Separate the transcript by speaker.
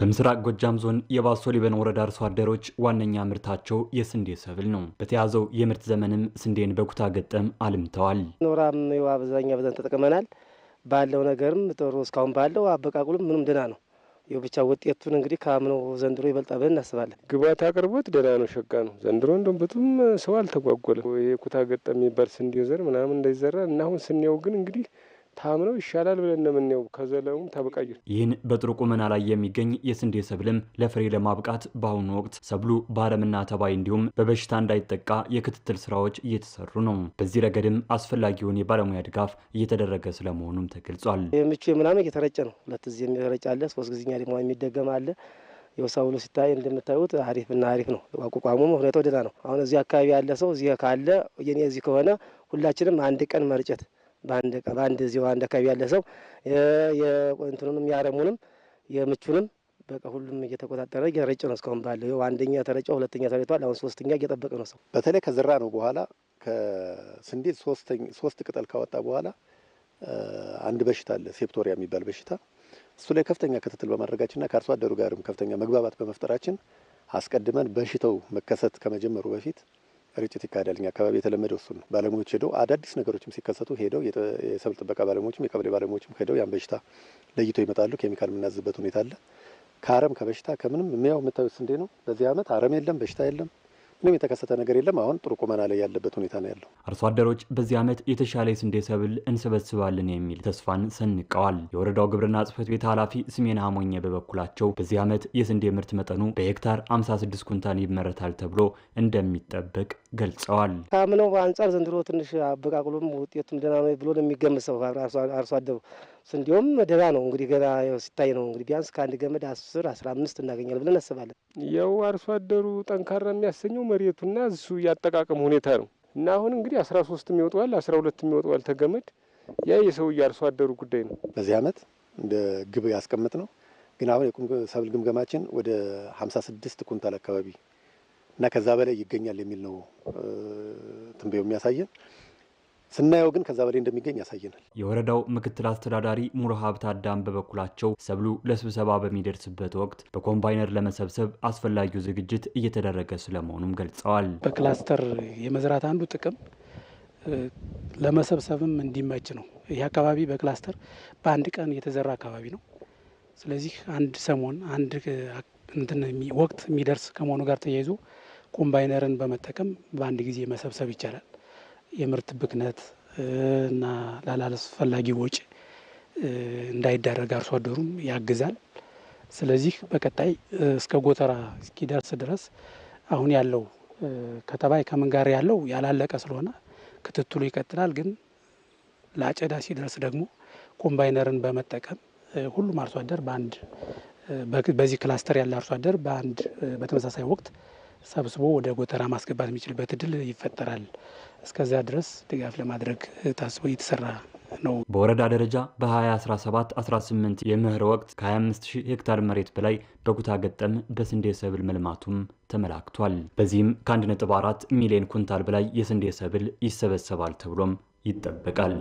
Speaker 1: በምስራቅ ጎጃም ዞን የባሶ ሊበን ወረዳ አርሶ አደሮች ዋነኛ ምርታቸው የስንዴ ሰብል ነው። በተያዘው የምርት ዘመንም ስንዴን በኩታ ገጠም አልምተዋል።
Speaker 2: ኖራም አብዛኛ ብዛን ተጠቅመናል። ባለው ነገርም ጥሩ እስካሁን ባለው አበቃቁልም ምንም ደህና ነው። ይኸው ብቻ ውጤቱን እንግዲህ ከአምነው ዘንድሮ ይበልጣ ብለን እናስባለን።
Speaker 3: ግባት አቅርቦት ደህና ነው፣ ሸጋ ነው። ዘንድሮ እንደም ብዙም ሰው አልተጓጎለም። ይሄ ኩታ ገጠም የሚባል ስንዴ ዘር ምናምን እንዳይዘራ እና አሁን ስንየው ግን እንግዲህ ታምነው ይሻላል ብለን እንደምንየው ከዘለሙ ተበቀዩ
Speaker 1: ይህን በጥሩ ቁመና ላይ የሚገኝ የስንዴ ሰብልም ለፍሬ ለማብቃት በአሁኑ ወቅት ሰብሉ በአረምና ተባይ እንዲሁም በበሽታ እንዳይጠቃ የክትትል ስራዎች እየተሰሩ ነው። በዚህ ረገድም አስፈላጊውን የባለሙያ ድጋፍ እየተደረገ ስለመሆኑም ተገልጿል።
Speaker 2: ምቹ ምናምን እየተረጨ ነው። ሁለት ጊዜ የሚረጭ አለ፣ ሶስት ጊዜኛ ደግሞ የሚደገም አለ። የውሳውሉ ሲታይ እንደምታዩት አሪፍና አሪፍ ነው። አቋቋሙም ሁኔታው ደህና ነው። አሁን እዚህ አካባቢ ያለ ሰው እዚህ ካለ የኔ እዚህ ከሆነ ሁላችንም አንድ ቀን መርጨት በአንድ በአንድ እዚሁ አንድ አካባቢ ያለ ሰው የቆንቱንም የአረሙንም የምቹንም በቃ ሁሉም እየተቆጣጠረ እየረጨ ነው። እስካሁን ባለው አንደኛ ተረጨ፣ ሁለተኛ ተረጭቷል። አሁን ሶስተኛ እየጠበቀ ነው ሰው።
Speaker 4: በተለይ ከዝራ ነው በኋላ ከስንዴ ሶስት ቅጠል ካወጣ በኋላ አንድ በሽታ አለ ሴፕቶሪያ የሚባል በሽታ። እሱ ላይ ከፍተኛ ክትትል በማድረጋችንና ከአርሶ አደሩ ጋርም ከፍተኛ መግባባት በመፍጠራችን አስቀድመን በሽታው መከሰት ከመጀመሩ በፊት ርጭት ይካሄዳል። እኛ አካባቢ የተለመደው እሱን ነው። ባለሙያዎች ሄደው አዳዲስ ነገሮችም ሲከሰቱ ሄደው የሰብል ጥበቃ ባለሙያዎችም የቀበሌ ባለሙያዎችም ሄደው ያን በሽታ ለይቶ ይመጣሉ። ኬሚካል የምናዝበት ሁኔታ አለ። ከአረም ከበሽታ ከምንም የሚያው የምታዩት ስንዴ ነው። በዚህ አመት አረም የለም፣ በሽታ የለም። ምንም የተከሰተ ነገር የለም። አሁን ጥሩ ቁመና ላይ ያለበት ሁኔታ ነው ያለው።
Speaker 1: አርሶ አደሮች በዚህ ዓመት የተሻለ የስንዴ ሰብል እንሰበስባለን የሚል ተስፋን ሰንቀዋል። የወረዳው ግብርና ጽሕፈት ቤት ኃላፊ ስሜን አሞኘ በበኩላቸው በዚህ ዓመት የስንዴ ምርት መጠኑ በሄክታር 56 ኩንታል ይመረታል ተብሎ እንደሚጠበቅ ገልጸዋል።
Speaker 2: ከምነው በአንጻር ዘንድሮ ትንሽ አበቃቅሎም ውጤቱም ደህና ነው ብሎ ነው የሚገምሰው አርሶ አደሩ። ስንዴውም ደህና ነው እንግዲህ ገና ሲታይ ነው እንግዲህ ቢያንስ ከአንድ ገመድ አስር አስራ አምስት እናገኛለን ብለን እናስባለን።
Speaker 3: ያው አርሶ አደሩ ጠንካራ የሚያሰኘው መሬቱና እሱ ያጠቃቀም ሁኔታ ነው እና አሁን እንግዲህ አስራ ሶስት የሚወጡዋል አስራ ሁለት የሚወጡዋል ተገመድ ያ የሰው አርሶ አደሩ ጉዳይ ነው።
Speaker 4: በዚህ አመት እንደ ግብ ያስቀምጥ ነው ግን አሁን የቁም ሰብል ግምገማችን ወደ ሀምሳ ስድስት ኩንታል አካባቢ እና ከዛ በላይ ይገኛል የሚል ነው ትንበዩ የሚያሳየን። ስናየው ግን ከዛ በላይ እንደሚገኝ ያሳየናል።
Speaker 1: የወረዳው ምክትል አስተዳዳሪ ሙሮ ሀብት አዳም በበኩላቸው ሰብሉ ለስብሰባ በሚደርስበት ወቅት በኮምባይነር ለመሰብሰብ አስፈላጊው ዝግጅት እየተደረገ ስለመሆኑም ገልጸዋል።
Speaker 2: በክላስተር የመዝራት አንዱ ጥቅም ለመሰብሰብም እንዲመች ነው። ይህ አካባቢ በክላስተር በአንድ ቀን የተዘራ አካባቢ ነው። ስለዚህ አንድ ሰሞን አንድ እንትን ወቅት የሚደርስ ከመሆኑ ጋር ተያይዞ ኮምባይነርን በመጠቀም በአንድ ጊዜ መሰብሰብ ይቻላል። የምርት ብክነት እና ላላስፈላጊ ወጪ እንዳይዳረግ አርሶ አደሩም ያግዛል። ስለዚህ በቀጣይ እስከ ጎተራ እስኪደርስ ድረስ አሁን ያለው ከተባይ ከምን ጋር ያለው ያላለቀ ስለሆነ ክትትሉ ይቀጥላል። ግን ለአጨዳ ሲደርስ ደግሞ ኮምባይነርን በመጠቀም ሁሉም አርሶ አደር በአንድ በዚህ ክላስተር ያለ አርሶ አደር በአንድ በተመሳሳይ ወቅት ሰብስቦ ወደ ጎተራ ማስገባት የሚችልበት እድል ይፈጠራል። እስከዚያ ድረስ ድጋፍ ለማድረግ ታስቦ እየተሰራ ነው።
Speaker 1: በወረዳ ደረጃ በ2017/18 የምህር ወቅት ከ25 ሄክታር መሬት በላይ በኩታ ገጠም በስንዴ ሰብል መልማቱም ተመላክቷል። በዚህም ከ1.4 ሚሊዮን ኩንታል በላይ የስንዴ ሰብል ይሰበሰባል ተብሎም ይጠበቃል።